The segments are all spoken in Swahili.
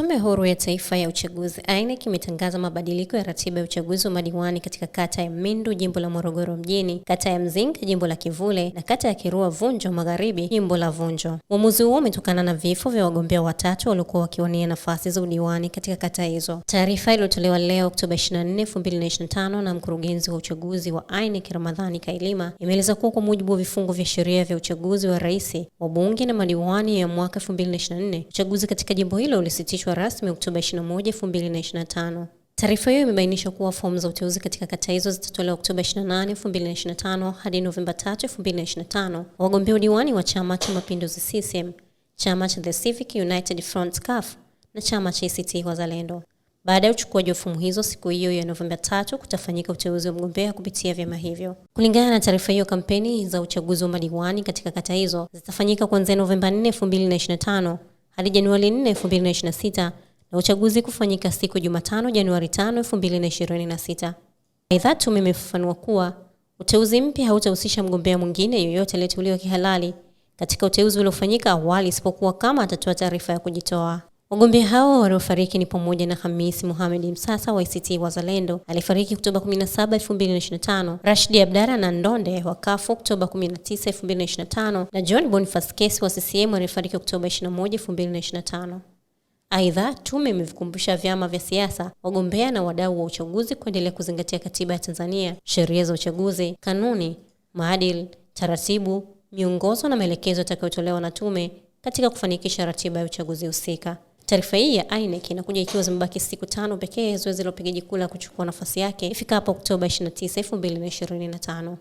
Tume Huru ya Taifa ya Uchaguzi INEC imetangaza mabadiliko ya ratiba ya uchaguzi wa madiwani katika kata ya Mindu jimbo la Morogoro mjini, kata ya Mzinga jimbo la Kivule na kata ya Kirua Vunjo Magharibi jimbo la Vunjo. Uamuzi huo umetokana na vifo vya wagombea watatu waliokuwa wakiwania nafasi za udiwani katika kata hizo. Taarifa iliyotolewa leo Oktoba 24, 2025 na mkurugenzi wa uchaguzi wa INEC Ramadhani Kailima imeeleza kuwa kwa mujibu wa vifungu vya sheria vya uchaguzi wa rais, wabunge na madiwani ya mwaka 2024 uchaguzi katika jimbo hilo ulisitishwa uliochapishwa rasmi Oktoba 21, 2025. Taarifa hiyo imebainisha kuwa fomu za uteuzi katika kata hizo zitatolewa Oktoba 28, 2025 hadi Novemba 3, 2025. Wagombea udiwani wa Chama cha Mapinduzi CCM, chama cha The Civic United Front caf na chama cha ACT Wazalendo. Baada ya uchukuaji wa fomu hizo siku hiyo ya Novemba 3 kutafanyika uteuzi wa mgombea kupitia vyama hivyo. Kulingana na taarifa hiyo, kampeni za uchaguzi wa madiwani katika kata hizo zitafanyika kuanzia Novemba 4, 2025 hadi Januari 4, 2026 na uchaguzi kufanyika siku Jumatano, Januari 5, 2026. Aidha, tume imefafanua kuwa uteuzi mpya hautahusisha mgombea mwingine yoyote aliyeteuliwa kihalali katika uteuzi uliofanyika awali isipokuwa kama atatoa taarifa ya kujitoa. Wagombea hao waliofariki ni pamoja na Hamis Mohamed Msasa wa ACT Wazalendo alifariki Oktoba 17, 2025, Rashidi Abdalla na Ndonde wa CUF Oktoba 19, 2025 na John Boniface Kesi wa CCM alifariki Oktoba 21, 2025. Aidha, tume imevikumbusha vyama vya siasa, wagombea na wadau wa uchaguzi kuendelea kuzingatia katiba ya Tanzania, sheria za uchaguzi, kanuni, maadili, taratibu, miongozo na maelekezo yatakayotolewa na tume katika kufanikisha ratiba ya uchaguzi husika. Taarifa hii ya INEC inakuja ikiwa zimebaki siku tano pekee zoezi la upigaji kura kuchukua nafasi yake ifikapo Oktoba 29, 2025.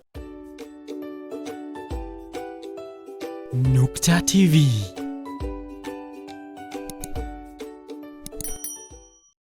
Nukta TV